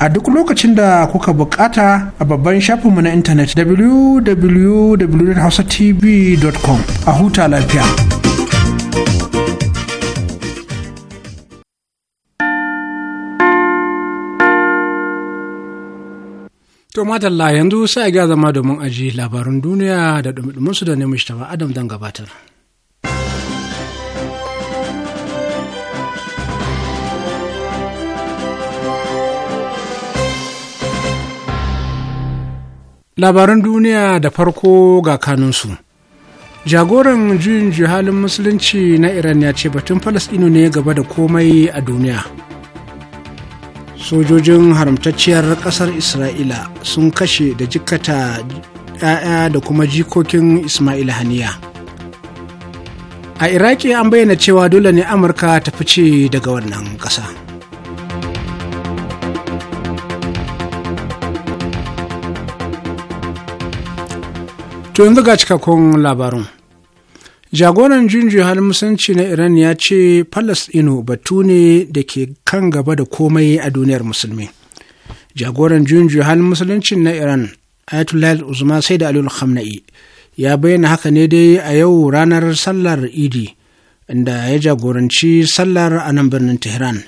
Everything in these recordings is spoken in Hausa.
a duk lokacin da kuka bukata a babban shafinmu na intanet www.hausatv.com a huta lafiya. To madalla yanzu sai ga zama domin aji labarun duniya da dumi da ne mushtaba Adam don gabatar. labaran duniya da farko ga kanunsu jagoran juyin halin musulunci na iran ya ce batun falasɗinu ne gaba da komai a duniya sojojin haramtacciyar ƙasar isra'ila sun kashe da jikata 'ya'ya da kuma jikokin ismail haniya a iraki an bayyana cewa dole ne amurka ta fice daga wannan ƙasa. to yanzu ga cikakkun labarin jagoran jinji halin musanci na iran ya ce Inu batu ne da ke kan gaba da komai a duniyar musulmi jagoran jinji halin musulunci na iran ayatollah uzma sai da aliyu khamna'i ya bayyana haka ne dai a yau ranar sallar idi inda ya jagoranci sallar a nan birnin tehran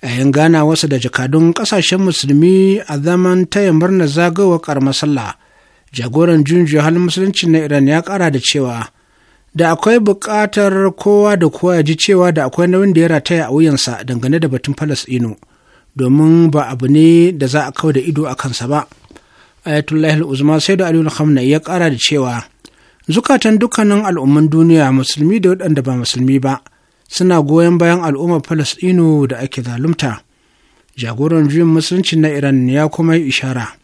a yin gana wasu da jakadun ƙasashen musulmi a zaman taya murnar zagawa karmar sallah jagoran junjiya halin musulunci na iran ya kara da cewa da akwai buƙatar kowa da kowa ya ji cewa da akwai nauyin da ya rataya a wuyansa dangane da batun falasɗinu domin ba abu ne da za a kau da ido a kansa ba ayatollah al sai da aliyu khamna ya kara da cewa zukatan dukkanin al'umman duniya musulmi da waɗanda ba musulmi ba suna goyon bayan al'ummar falasɗinu da ake zalunta jagoran juyin musulunci na iran ya kuma yi ishara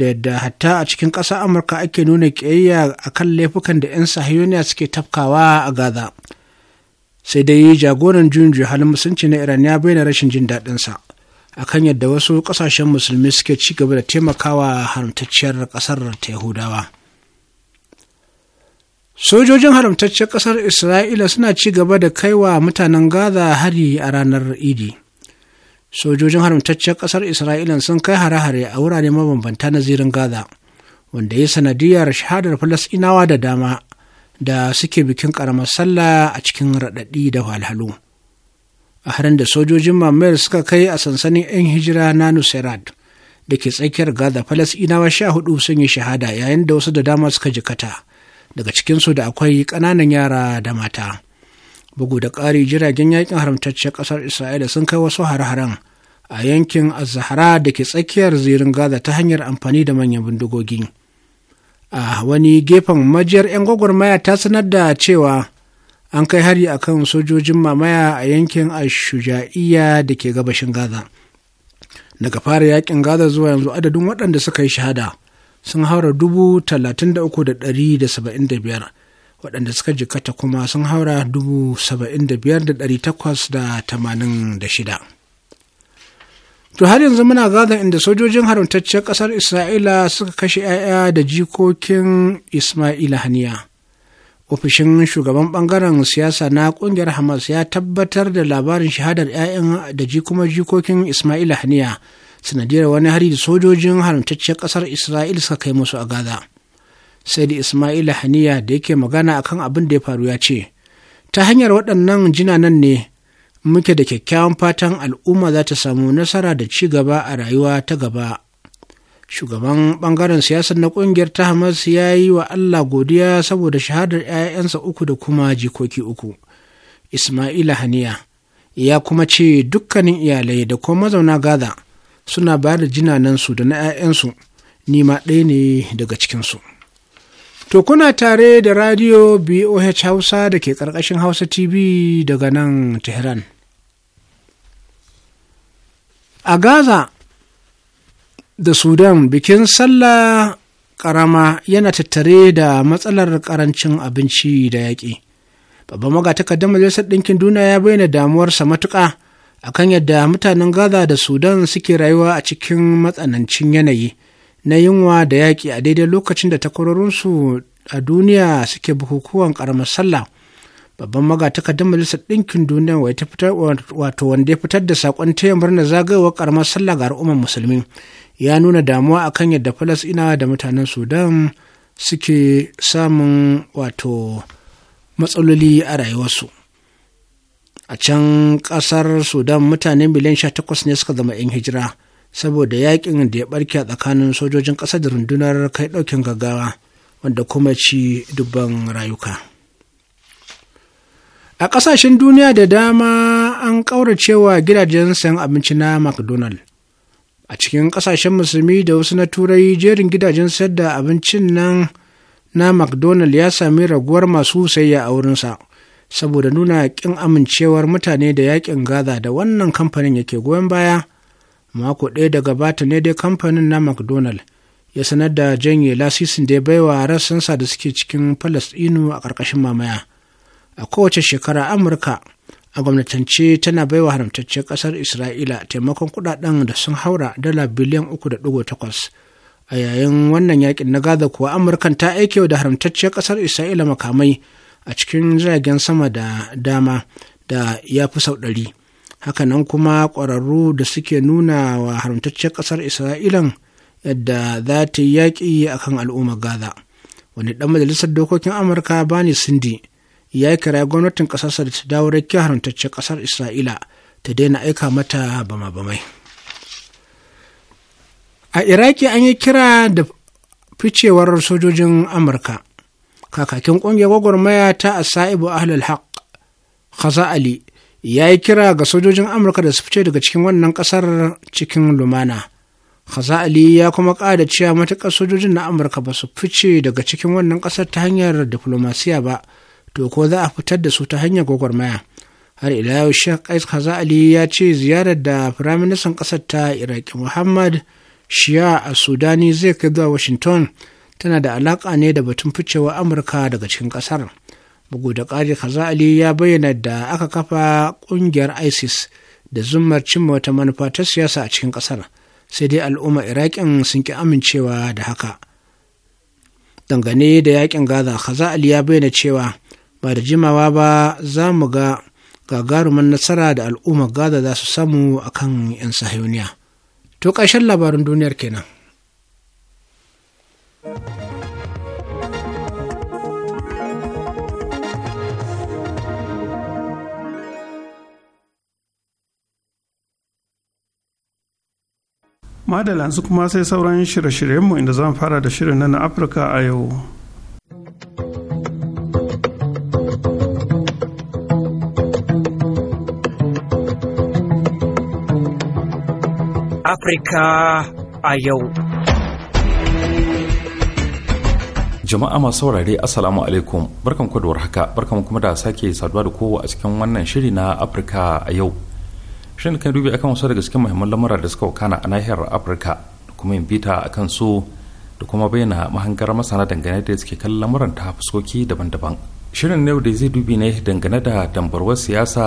da yadda hatta a cikin ƙasa amurka ake nuna ƙiyayya a kan laifukan da 'yan sahiyoniya suke tafkawa a gaza sai dai jagoran juyin halin musulunci na iran ya bayyana rashin jin daɗinsa akan yadda wasu ƙasashen musulmi suke ci gaba da taimakawa haramtacciyar ƙasar ta yahudawa sojojin haramtacciyar ƙasar isra'ila suna ci gaba da kaiwa mutanen gaza hari a ranar idi sojojin haramtaccen ƙasar isra'ilan sun kai hare-hare a wurare mabambanta na zirin gaza wanda ya sanadiyar shahadar falasɗinawa da dama da suke bikin karamar sallah a cikin raɗaɗi da walhalu a harin da sojojin mamayar suka kai a sansanin 'yan hijira na nusairat da ke tsakiyar gaza falasɗinawa sha hudu sun yi shahada yayin da wasu da dama suka jikata daga cikinsu da akwai ƙananan yara da mata bugu da ƙari jiragen yaƙin haramtaccen ƙasar isra'ila sun kai wasu har-haren a yankin azahara da ke tsakiyar zirin gaza ta hanyar amfani da manyan bindigogi a wani gefen majiyar 'yan gwagwarmaya ta sanar da cewa an kai hari a kan sojojin mamaya a yankin ashuja'iya da ke gabashin gaza daga fara yakin gaza zuwa yanzu adadin waɗanda suka yi shahada sun haura dubu talatin da uku da ɗari da saba'in da biyar waɗanda suka jikata kuma sun haura dubu da shida to har yanzu muna zazen inda sojojin haramtacciyar ƙasar isra'ila suka kashe 'ya'ya da jikokin ismaila haniya ofishin shugaban bangaren siyasa na ƙungiyar hamas ya tabbatar da labarin shahadar 'ya'yan da kuma jikokin ismaila haniya sanadiyar wani hari da sojojin haramtacciyar ƙasar isra'ila suka kai musu a gaza sai da ismaila haniya da yake magana a kan abin da ya faru ya ce ta hanyar waɗannan jinanan ne muke da kyakkyawan fatan al'umma za ta samu nasara da ci gaba a rayuwa ta gaba shugaban ɓangaren siyasar na ƙungiyar ta hamas ya yi wa allah godiya saboda shahadar 'ya'yansa uku da kuma jikoki uku ismaila haniya ya kuma ce dukkanin iyalai da kuma mazauna gaza suna ba da jinanansu da na 'ya'yansu ni ma ɗaya ne daga cikinsu To kuna tare da radio BOH Hausa da ke ƙarƙashin Hausa TV daga nan Tehran. A Gaza da Sudan bikin sallah ƙarama yana tattare da matsalar ƙarancin abinci da yaƙi. Babban da Majalisar Ɗinkin Duniya ya bayyana damuwarsa matuƙa akan yadda mutanen Gaza da Sudan suke rayuwa a cikin matsanancin yanayi. na yunwa da yaƙi a daidai lokacin da takwarorinsu a duniya suke bukukuwan ƙaramar sallah babban magatakardar majalisar ɗinkin duniya wato wanda ya fitar da saƙon taya murna zagayowar ƙaramar sallah ga al'ummar musulmi ya nuna damuwa akan yadda falasɗinawa da mutanen sudan suke samun wato matsaloli a rayuwarsu a can ƙasar sudan mutane miliyan 18 ne suka zama 'yan hijira saboda yakin da ya barke a tsakanin sojojin ƙasar da rundunar kai ɗaukin gaggawa wanda kuma ci dubban rayuka a ƙasashen duniya da dama an ƙauracewa gidajen sayan abinci na mcdonald a cikin ƙasashen musulmi da wasu na turai jerin gidajen sayar da abincin nan na mcdonald ya sami raguwar masu sayya a wurinsa saboda nuna ƙin amincewar mutane da yakin gaza da wannan kamfanin yake goyon baya mako ɗaya da gabata ne dai kamfanin na mcdonald ya sanar da janye lasisin da ya baiwa rassansa da suke cikin Falasɗinu a ƙarƙashin mamaya a kowace shekara amurka a gwamnatance tana baiwa haramtacce ƙasar isra'ila taimakon kuɗaɗen da sun haura dala biliyan uku da ɗigo takwas a yayin wannan yakin na gaza kuwa amurkan ta aike da haramtacciyar ƙasar isra'ila makamai a cikin jiragen sama da dama da ya fi sau ɗari hakanan kuma ƙwararru da suke nuna wa haramtaccen ƙasar isra'ilan yadda za ta yi yaƙi a kan al'ummar gaza wani ɗan majalisar dokokin amurka bani sindi ya kira gwamnatin ƙasarsa da ta dawo rakiya haramtacciyar ƙasar isra'ila ta daina aika mata bama-bamai a iraki an yi kira da ficewar sojojin amurka kakakin ƙungiyar gwagwarmaya ta asa'ibu ahlul haq khaza'ali ya yi kira ga sojojin amurka da su fice daga cikin wannan kasar cikin lumana ali ya kuma ƙada cewa matuƙar sojojin na amurka ba su fice daga cikin wannan ƙasar ta hanyar diflomasiya ba to ko za a fitar da su ta hanyar gwagwarmaya har ila yau sheikh khaza ali ya ce ziyarar da firaministan ƙasar ta iraki muhammad shia a sudani zai kai zuwa washington tana da alaƙa ne da batun ficewa amurka daga cikin ƙasar bugu da ƙari kaza ali ya bayyana da aka kafa ƙungiyar isis da zummar cimma wata manufa ta siyasa a cikin ƙasar sai dai al'umma iraƙin sun ƙi amincewa da haka dangane da yakin gaza kaza ali ya bayyana cewa ba da jimawa ba za mu ga gagaruman nasara da al'umma gaza za su samu a kan 'yan sahiyoniya to ƙarshen labarin duniyar kenan. madalan su kuma sai sauran shirye-shiryenmu inda zan fara da shirin na afirka a yau afirka a yau jama'a masu saurare assalamu alaikum barkan ku haka, barkan kuma da sake saduwa da kowa a cikin wannan shiri na afirka a yau shirin kan dubi akan wasu daga cikin muhimman lamura da suka wakana a nahiyar afirka da kuma yin bita a kan su da kuma bayyana mahangar masana dangane da suke kallon lamuran ta fuskoki daban-daban shirin yau da zai dubi ne dangane da dambarwar siyasa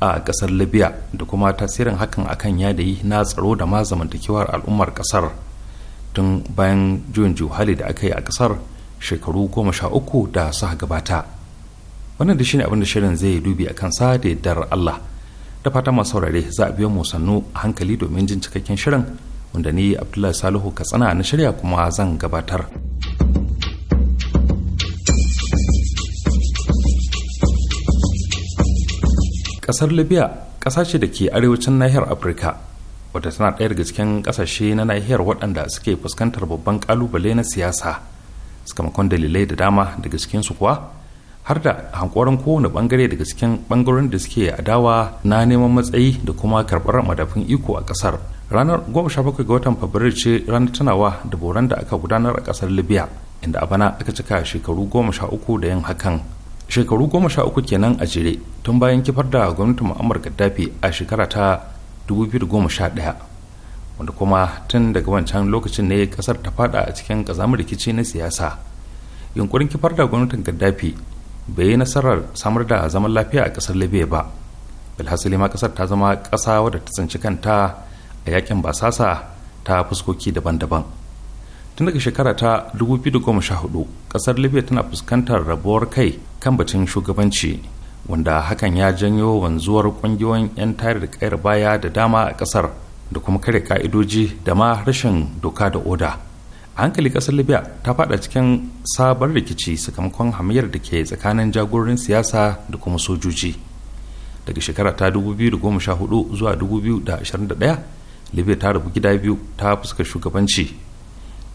a kasar libya da kuma tasirin hakan akan yadayi na tsaro da ma zamantakewar al'ummar kasar tun bayan juyin juhali da aka yi a kasar shekaru goma sha uku da suka gabata wannan da shine abin da shirin zai dubi a sa da yardar allah da fata masu saurare za a biyo mu sannu a hankali domin jin cikakken shirin wanda ni abdullahi salihu katsina na shirya kuma zan gabatar kasar libya ƙasa ce da ke arewacin nahiyar afirka wata tana ɗaya daga cikin ƙasashe na nahiyar waɗanda suke fuskantar babban ƙalubale na siyasa sakamakon dalilai da dama daga cikinsu kuwa har da hankoron kowane bangare daga cikin bangaren da suke adawa na neman matsayi da kuma karɓar madafin iko a ƙasar ranar 17 ga watan fabrairu ce ranar tunawa da boran da aka gudanar a kasar libya inda a bana aka cika shekaru 13 da yin hakan shekaru 13 kenan a jere tun bayan kifar da gwamnatin mu'ammar gaddafi a shekara ta 2011 wanda kuma tun daga wancan lokacin ne kasar ta fada a cikin ƙazamar rikici na siyasa yunkurin kifar da gwamnatin gaddafi bai yi nasarar samar da zaman lafiya a ƙasar libya ba bilhassali ma ƙasar ta zama ƙasa wadda ta tsinci kanta a yakin basasa ta fuskoki daban-daban tun daga shekara ta 2014 ƙasar libya tana fuskantar rabuwar kai kan batun shugabanci wanda hakan ya janyo wanzuwar ƙungiyoyin 'yan tare da kayar baya da dama a ƙasar da kuma kare ka'idoji da ma rashin doka da oda hankali kasar libya ta fada cikin sabon rikici sakamakon hamayar da ke tsakanin jagororin siyasa da kuma sojoji daga shekara ta 2014 zuwa 2021 libya ta rabu gida biyu ta fuska shugabanci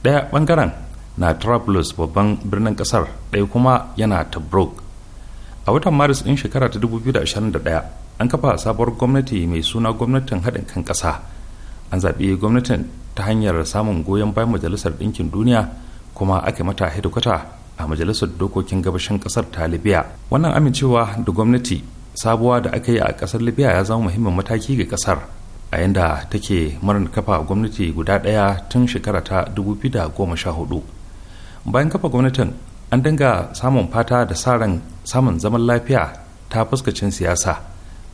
daya bangaren na trablus babban birnin kasar ɗaya kuma yana tobruk a watan maris din shekara ta 2021 an kafa sabuwar gwamnati mai suna gwamnatin haɗin kan ƙasa an zaɓi gwamnatin ta hanyar samun goyon bayan majalisar ɗinkin duniya kuma aka mata hedikwata a majalisar dokokin gabashin ƙasar ta libya wannan amincewa da gwamnati sabuwa da aka yi a ƙasar libya ya zama muhimmin mataki ga ƙasar a yanda take murnar kafa gwamnati guda ɗaya tun shekara ta goma sha hudu bayan kafa gwamnatin an dinga samun fata da sa ran samun zaman lafiya ta fuskacin siyasa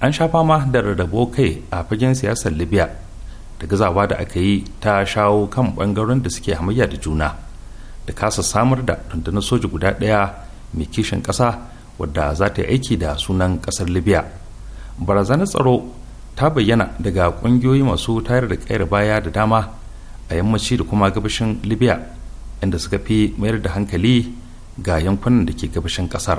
an sha fama da rarrabo kai a fagen siyasar libya da gazawa da aka yi ta shawo kan bangaren da suke hamayya da juna da kasa samar da rundunar soji guda ɗaya mai kishin ƙasa wadda za ta yi aiki da sunan ƙasar libya barazanar tsaro ta bayyana daga ƙungiyoyi masu tayar da kayar baya da dama a yammaci da kuma gabashin libya inda suka fi mayar da hankali ga yankunan da ke gabashin ƙasar.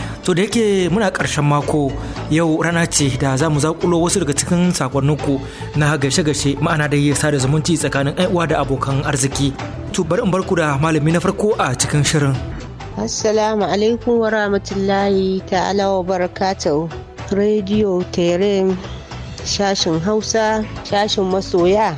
To da yake muna ƙarshen mako yau rana ce da za mu zaƙulo wasu daga cikin sakonninku na gaishe-gaishe ma'ana da yi sada zumunci tsakanin uwa da abokan arziki. To bari in ku da malami na farko a cikin shirin. Assalamu alaikum wa rahmatullahi ta'ala wa barakatuhu. Radio Terem shashin Hausa, shashin masoya.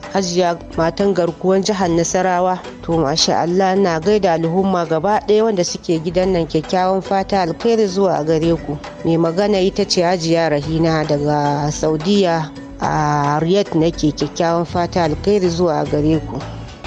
hajiya matan garkuwan jihar nasarawa to masha allah na gaida al'umma gaba ɗaya wanda suke gidan nan kyakkyawan fata alkhairi zuwa gare ku mai magana ita ce hajiya rahina daga saudiya a riyadh nake kyakkyawan fata alkhairi zuwa gare ku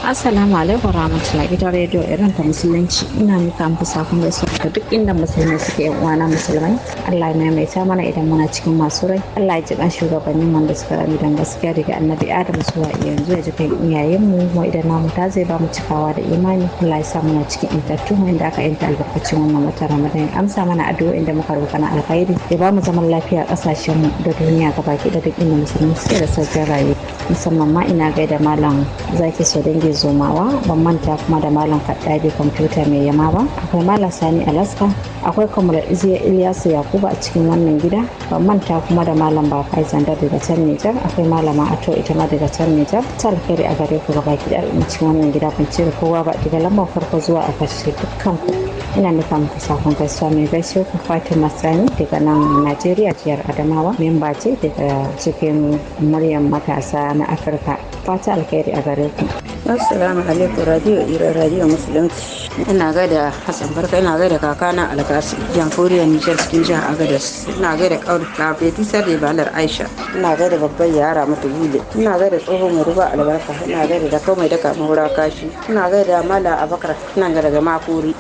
Assalamu alaikum warahmatullahi ita radio irin ta musulunci ina muka muku sakon gaisuwa ga duk inda musulmai suke yan uwana musulmai Allah ya maimaita mana idan muna cikin masu rai Allah ya ji dan shugabannin wanda suka rami dan gaskiya daga annabi Adam zuwa yanzu ya ji kan iyayen mu idan namu ta zai ba mu cikawa da imani Allah ya sa muna cikin intattu inda aka yanta albarkacin wannan wata Ramadan amsa mana addu'o'in da muka roƙa na alkhairi ya ba mu zaman lafiya kasashen mu da duniya baki. da duk inda musulmai suke da sauƙin rayuwa musamman ma ina gaida malam zaki so dangi zomawa ban manta kuma da malam kaddabi kwamfuta mai yama ba akwai malam sani alaska akwai kamar iziya iliyasu yakuba a cikin wannan gida ban manta kuma da malam ba faizan da daga can nijar akwai malama ato ita ma daga can nijar ta alheri a gare ku gaba ki cikin wannan gida ban cire kowa ba daga lambar farko zuwa a kashe dukkan ku ina nufa muku sakon gaisuwa mai gaisuwa ku fatima sani daga nan najeriya jihar adamawa memba ce daga cikin muryan matasa na afirka fata alkhairi a gare ku assalamu alaikum radio iran radio musulunci ina gaida hassan barka ina gaida kakana alkasi jamhuriyar nijar cikin jihar agadas ina gaida kawar kafetu da balar aisha ina gaida babban yara mata gule ina gaida tsohon mai ruba albarka ina gaida da kawai daga mawura kashi ina gaida mala abakar ina gaida ga makuri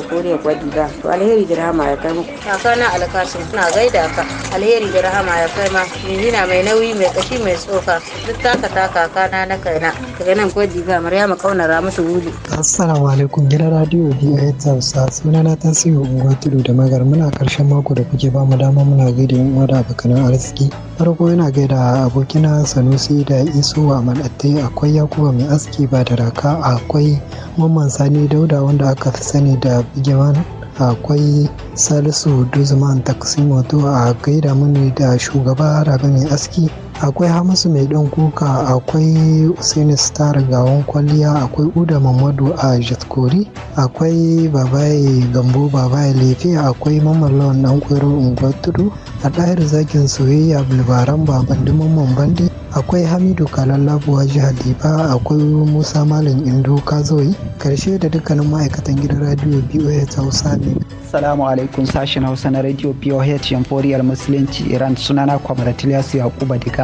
gwadi ba to alheri da rahama ya kai muku kaka na alkasim na gaida ka alheri da rahama ya kai ma mijina mai nauyi mai kashi mai tsoka duk taka ta kaka na na kaina daga nan ba maryama ra musu wuri assalamu alaikum gidan radio biyu hausa suna na tasiri unguwa tudu da magar muna karshen mako da kuke ba mu dama muna gaida yan uwa da abokanan arziki farko yana gaida abokina sanusi da iso wa malatte akwai yakuba mai aski ba da raka akwai mamman sani dauda wanda aka fi sani da Bigeman akwai Salisu taksi taksimoto a gaida mini da shugaba raga Mai Aski. akwai hamisu mai ɗan kuka akwai usaini star gawon kwalliya akwai uda mamadu a jatkori akwai babaye gambo babaye lefe akwai mamallon ɗan kwero ungwatudu a ɗahir zakin soyayya bulbaran baban mamman bandi akwai hamidu kalallabuwa ji hadifa akwai musa malam indo kazoyi karshe da dukkanin ma'aikatan gidan radio boh hausa ne Salamu alaikum sashen Hausa na Radio POH Yamforiyar Musulunci Iran sunana Kwamratiliyasu Yakuba diga.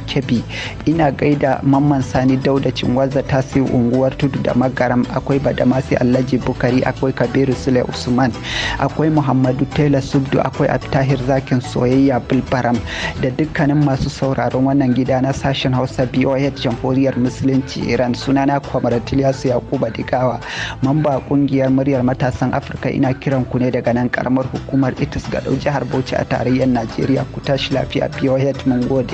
kebbi ina gaida mamman sani dauda cinwaza tasi unguwar tudu da magaram akwai badamasi alhaji bukari akwai kabiru sule usman akwai muhammadu taylor subdu akwai abtahir zakin soyayya bilbaram da dukkanin masu sauraron wannan gida na sashen hausa boh jamhuriyar musulunci iran sunana kwamaratiliyasu yakuba digawa mamba kungiyar muryar matasan afirka ina kiran ku ne daga nan karamar hukumar itis ga jihar bauchi a tarayyar najeriya ku tashi lafiya boh mun gode.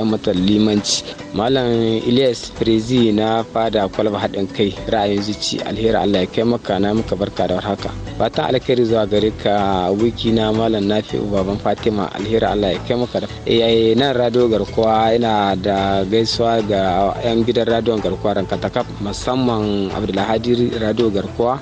haɗa mata limanci malam ilyas prezi na fada kwalba haɗin kai ra'ayin zuci alheri allah ya kai maka na muka barka da warhaka fatan alkhairi zuwa gare ka wiki na malam nafi'u baban fatima alheri allah ya kai maka da yayi eh, nan radio garkuwa ina da gaisuwa ga yan gidan radio garkuwa rankata kaf musamman abdulhadi radio garkuwa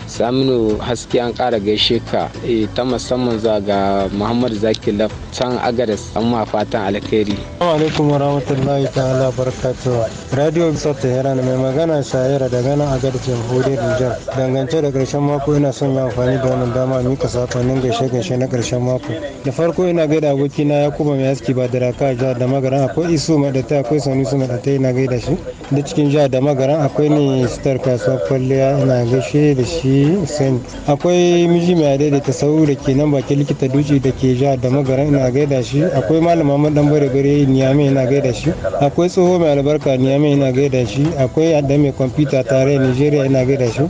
saminu haske an kara gaishe ka eh, ta musamman za ga muhammad zaki laf can an ma fatan alkhairi alaikum wa rahmatullahi ta'ala barakatuh radio bisa tehran mai magana shayara daga nan agadas jamhuriyar nijar dangance da karshen mako ina son yi amfani da wannan dama mika sakonnin gaishe gaishe na karshen mako da farko ina gaida aboki na yakuba mai haske ba diraka jihar da magaran akwai isu mai da ta akwai sanusu mai da ta ina gaida shi da cikin jihar da magaran akwai ni sitar kasuwar kwalliya ina gaishe da shi Akwai miji mai ta sauru da ke nan bakin likita duci da ke ja da magaran ina gaida shi. Akwai malama dan bare bare Niyame ina gaida shi. Akwai tsoho mai albarka Niyame ina gaida shi. Akwai adda mai kwamfuta tare Nigeria ina gaida shi.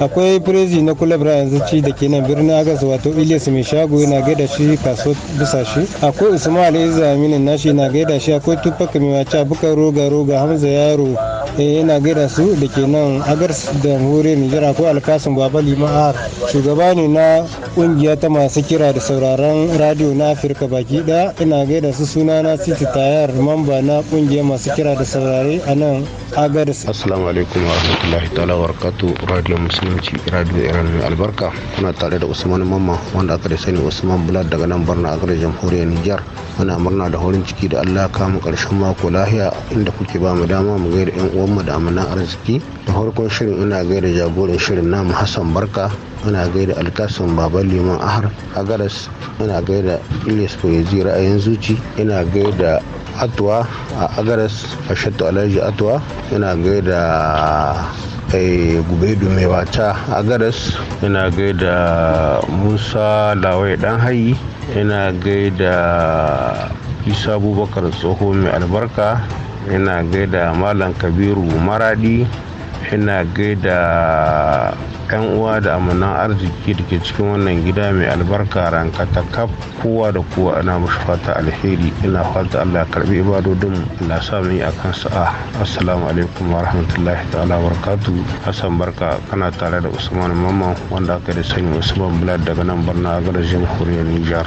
Akwai firezi na kulabra yanzu ci da ke nan birnin Agas wato Ilyas mai shago ina gaida shi kaso bisa shi. Akwai Usman Ali zaminin nashi ina gaida shi. Akwai Tufaka mai wace Roga Roga Hamza Yaro eh yana gaida su da ke nan agars da hure jira ko alkasin baba lima'ar ah, shugaba ne na kungiya ta masu kira da sauraron radio na afirka baki daya ina gaida su suna na city tayar mamba na kungiyar masu kira da saurare a nan agars assalamu alaikum wa rahmatullahi ta'ala wa barakatu radio musulunci radio iran albarka kuna tare da usman mamma wanda aka da sani usman bulat daga nan barna agars jamhuriyar nijar muna murna da horin ciki da allah kama karshen mako lahiya inda kuke ba mu dama mu gaida yan mu da amanan arziki da farkon shirin ina gaida jagoran shirin namu hassan barka ina gaida alkasun baban liman ahar agaras ina gaida ilis poezi ra'ayin zuci ina gaida atuwa a agaras fashatu alhaji atuwa ina gaida eh, gubedu mai wata agaras ina gaida musa lawai dan hayi ina gaida isa abubakar tsoho mai albarka ina gaida malam kabiru maradi ina gaida yan uwa da amanan arziki da ke cikin wannan gida mai albarka rankata kaf kowa da kowa ana mushi fata alheri ina fata allah karbi ibadodin allah sa mu yi akan sa'a assalamu alaikum wa rahmatullahi ta'ala barkatu hassan barka kana tare da usman mamman wanda aka da sani usman blad daga nan barna a garajin jamhuriyar nijar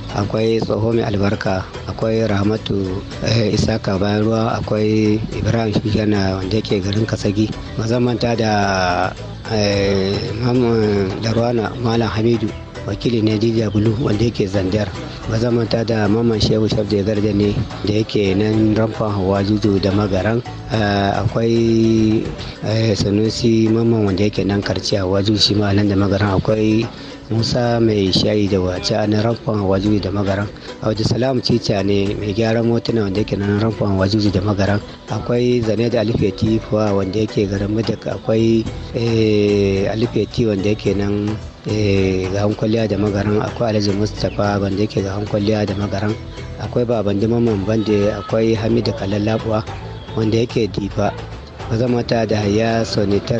akwai tsoho mai albarka akwai rahmatu eh, isaka bayan ruwa akwai ibrahim shigana wanda yake garin kasagi mazamanta da eh, darwana malam hamidu wakili ne dija bulu wanda yake zandar mazamanta da maman shehu shabda garje ne da yake nan ramfa hawa juju da magaran eh, akwai sanusi maman wanda yake nan karciya wajen shi ma nan da magaran akwai musa mai shayi da wace a nan ramfon wajuji da magaran a waje salamu cica ne mai gyaran motuna wanda yake nan ramfon wajuji da magaran akwai zane da alifeti fuwa wanda yake garin madaka akwai eh, alifeti wanda yake nan eh, ga kwalliya da magaran akwai alhaji mustapha wanda yake ga kwalliya da magaran akwai baban dimaman bande akwai hamidu kalallabuwa wanda yake difa mazamata da hayya sonitar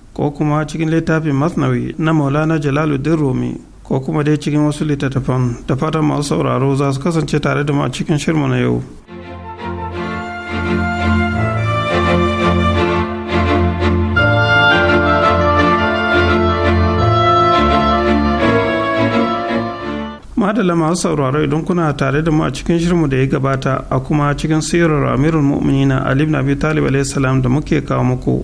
ko kuma cikin littafin masnawi na maulana jalaluddin rumi ko kuma dai cikin wasu littattafan da fatan masu sauraro za su kasance tare da mu a cikin shirmu na yau. madalla masu sauraro idan kuna tare da mu a cikin shirmu da ya gabata a kuma cikin sirar amirul mu'minina ali ibn abi talib alayhi salam da muke kawo muku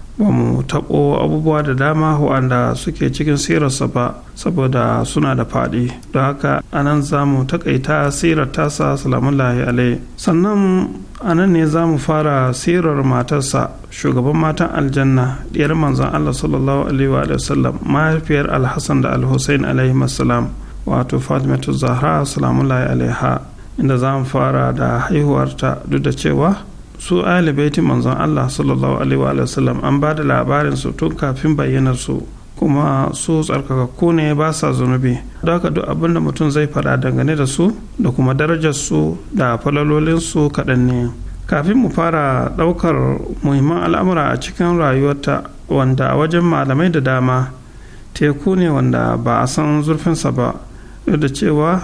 ba mu taɓo abubuwa da dama waɗanda suke cikin sirarsa ba saboda suna da faɗi don haka a nan za mu taƙaita sirar tasa salamullahi alai sannan a nan ne za mu fara sirar matarsa shugaban matan aljanna ɗiyar manzon allah sallallahu alaihi wa sallam mahaifiyar alhassan da alhussein alaihi salam wato fatimatu zahra salamullahi ha. inda za mu fara da haihuwarta duk da cewa su ahli baitin manzon Allah sallallahu alaihi wa an ba da labarin su tun kafin bayyanar su kuma su tsarkakakku ne ba sa zunubi don haka duk abin da mutum zai faɗa dangane da su da kuma darajar su da falalolin kaɗan ne kafin mu fara ɗaukar muhimman al'amura a cikin rayuwarta wanda a wajen malamai da dama teku ne wanda ba a san zurfinsa ba duk da cewa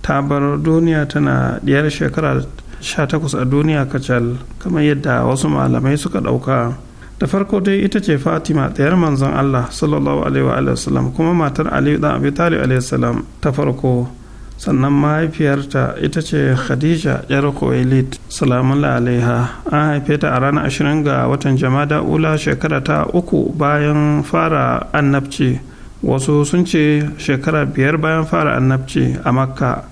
tabar duniya tana ɗiyar shekara 18 a duniya kacal kamar yadda wasu malamai suka ɗauka da farko dai ita ce fatima ɗayar manzon allah sallallahu alaihi wa salam kuma matar aliyu dan abi talib alaihi salam ta farko sannan mahaifiyarta ita ce khadija yar khuwailid salamun alaiha an haife ta a ranar 20 ga watan jama'a ula shekara ta uku bayan fara annabci wasu sun ce shekara biyar bayan fara annabci a makka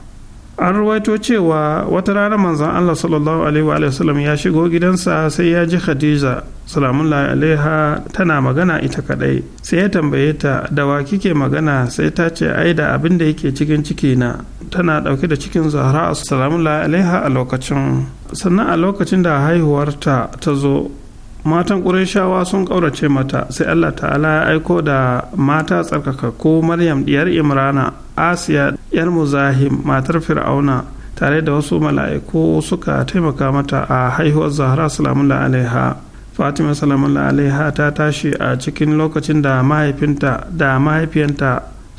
an ruwaito cewa wata rana manzon Allah sallallahu alaihi wa sallam ya shigo gidansa sai ya ji Khadija salamullahi alaiha tana magana ita kadai sai ya tambaye ta da wa kike magana sai ta ce ai da abin da yake cikin ciki na tana dauke da cikin Zahra salamullahi alaiha a lokacin sannan a lokacin da haihuwarta ta zo matan ƙurashawa sun ƙaurace mata sai allah ta'ala ya aiko da mata ko maryam diyar imrana asiya yar muzahim matar fir'auna tare da wasu mala'iku suka taimaka mata a haihuwar zahra salamullah alaiha fatima salamullah alaiha ta tashi a cikin lokacin da mahaifinta da mahaifiyanta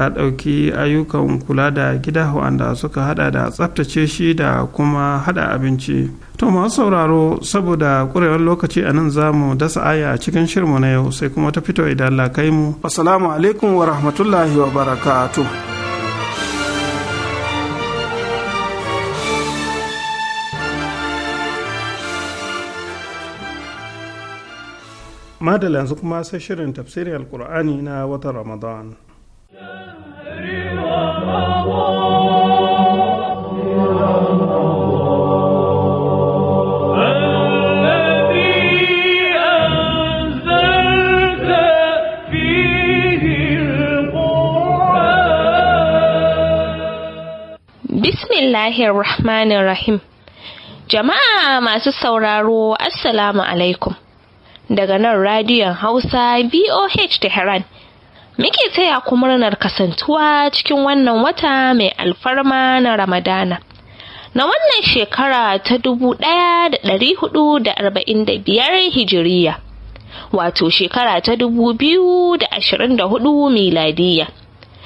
ta ɗauki ayyukan kula da gida wanda suka hada da tsaftace shi da kuma hada abinci to masu sauraro saboda ƙurewar lokaci a nan za mu dasa aya a cikin shirmu na yau sai kuma ta fito idan Allah kai mu assalamu alaikum wa rahmatullahi wa barakatu. madalla kuma sai shirin tafsirin alkur'ani na watan ramadan Bismillahir Rahmanir Rahim. Jama'a masu sauraro, Assalamu alaikum. Daga nan radiyon Hausa BOH Tehran. Muke taya ku murnar kasantuwa cikin wannan wata mai alfarma na Ramadana. Na wannan shekara ta dubu ɗaya da hudu da biyar Hijiriya, wato shekara ta dubu biyu da da hudu miladiyya.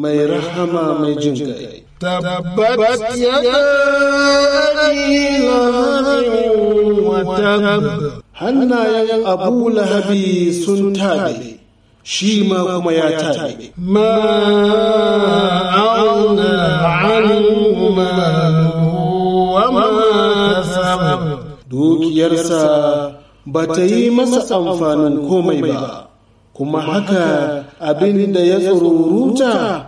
mai rahama mai jin kai. Tabbat ya Hannayen Abu Lahabi sun tabe, shi ma kuma ya tabe. Ma ma Dukiyarsa ba ta yi masa amfanin komai ba, kuma haka abin da ya tsoro ruta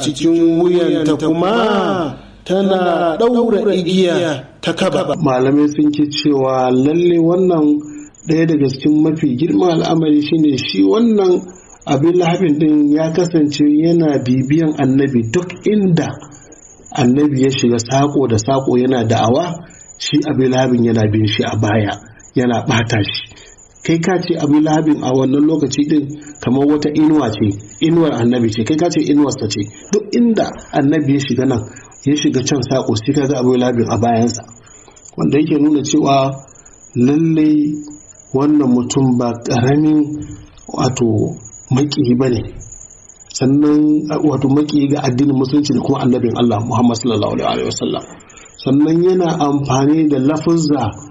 cikin wuyanta kuma tana ɗaura igiya ta kaba malamai sun ke cewa lalle wannan ɗaya daga cikin mafi girma al'amari shine shi wannan abin lahabin din ya kasance yana bibiyan annabi duk inda annabi ya shiga sako da sako yana da'awa shi abin lahabin yana bin shi a baya yana ɓata shi kai ka ce abu labin a wannan lokaci din kamar wata inuwa ce inuwar annabi ce kai ka ce ta ce duk inda annabi ya shiga nan ya shiga can sako sai ka ga abu labin a bayansa wanda yake nuna cewa lalle wannan mutum ba karamin wato maki ba ne sannan wato maki ga addinin musulunci da kuma annabin Allah Muhammad sallallahu alaihi wasallam sannan yana amfani da lafuzza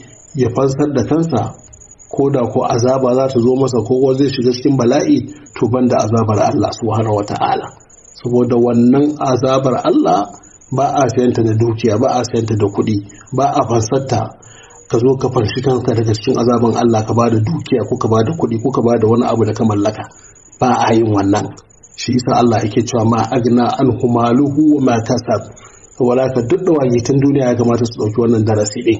ya fansar da kansa ko da ko azaba za ta zo masa ko zai shiga cikin bala'i to ban da azabar Allah subhanahu wata'ala saboda wannan azabar Allah ba a sayanta da dukiya ba a sayanta da kuɗi ba a fansarta ka zo ka farshi kanka daga cikin azaban Allah ka ba da dukiya ko ka ba da kuɗi ko ka ba da wani abu da ka mallaka ba a yin wannan shi isa Allah yake cewa ma agna an humaluhu wa ma tasab wala ka duk duniya ya kamata su ɗauki wannan darasi ɗin.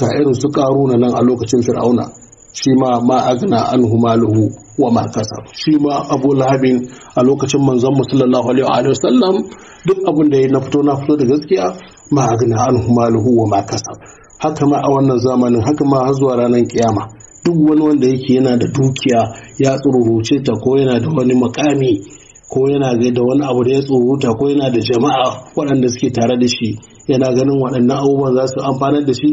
ga irin su karuna nan a lokacin fir'auna shi ma ma agna an humaluhu wa ma kasab shi ma abu lahabin a lokacin manzon mu sallallahu alaihi wa sallam duk abin da ya na fito na fito da gaskiya ma agna an humaluhu wa ma kasab haka ma a wannan zamanin haka ma har zuwa ranar kiyama duk wani wanda yake yana da dukiya ya tsururuce ta ko yana da wani makami ko yana da wani abu da ya tsuruta ko yana da jama'a waɗanda suke tare da shi yana ganin waɗannan abubuwan za su amfanar da shi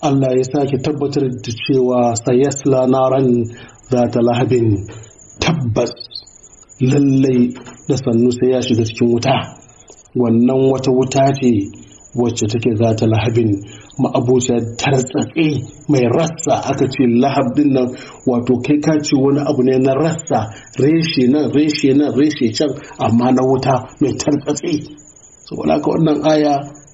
Allah ya sake tabbatar da cewa sayasla naran za ta lahabin tabbas lallai da sannu sai ya shiga cikin wuta wannan wata wuta ce wacce take za ta lahabin ma'abuta tartsatse mai rassa aka ce lahab nan wato kai ka ce wani abu ne na rassa reshe nan reshe nan reshe can amma na wuta mai tartsatse saboda haka wannan aya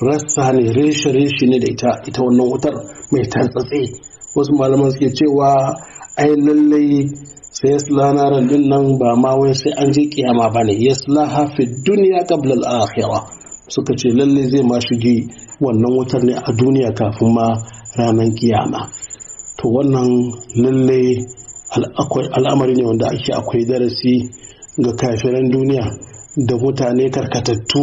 rassa ne reshe reshe ne da ita ita wannan wutar mai tantsatse wasu malaman suke cewa ai lallai sai yasla naran din nan ba ma wai sai an je kiyama ba ne yasla hafi duniya qabla al-akhirah suka ce lallai zai ma shige wannan wutar ne a duniya kafin ma ranar kiyama to wannan lallai al'amari ne wanda ake akwai darasi ga kafiran duniya da mutane karkatattu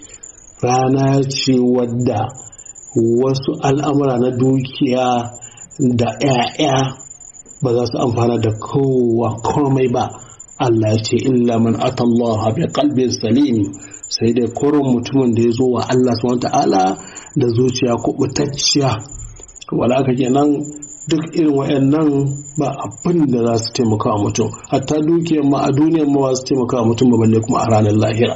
rana ce wadda wasu al'amura na dukiya da 'ya'ya ba za su amfana da kowa komai ba Allah ce illa man atallaha bi kalbin salim sai dai koron mutumin da ya zo wa Allah subhanahu ta'ala da zuciya ko ɓutacciya wala aka kenan duk irin waɗannan ba abin da za su taimaka mutum hatta dukiyar ma a duniyar ma za su taimaka mutum ba balle kuma a ranar lahira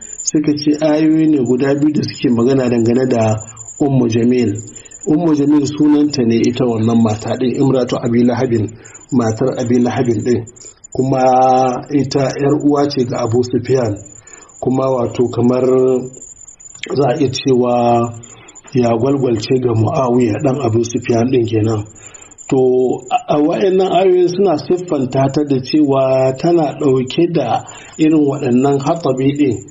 suka ce ayoyi ne guda biyu da suke magana dangane da ummu jamil ummu jamil sunanta ne ita wannan mata din imratu abi lahabin matar abi lahabin din kuma ita yar uwa ce ga abu sufyan kuma wato kamar za a iya cewa ya gwalgwalce ga muawiya dan abu sufyan din kenan to a wayannan ayoyi suna siffanta ta da cewa tana ɗauke da irin waɗannan hatsabi ɗin